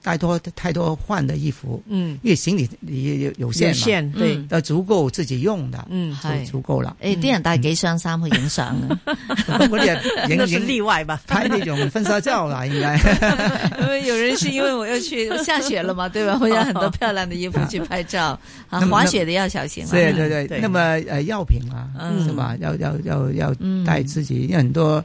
太多太多換的衣服，嗯，因為行李也有限嘛有限，對，要足夠自己用的。嗯，係足夠了、嗯、哎啲人帶幾雙衫去影相啊？嗰啲人影是例外吧，拍那種婚紗照啦，應該。 因為有人是因為我要去 我下雪了嘛，對吧？我要很多漂亮的衣服去拍照。啊，滑雪的要小心。對對對，對那麼呃藥品啦、啊，就是吧、嗯、要要要要帶自己，有、嗯、很多。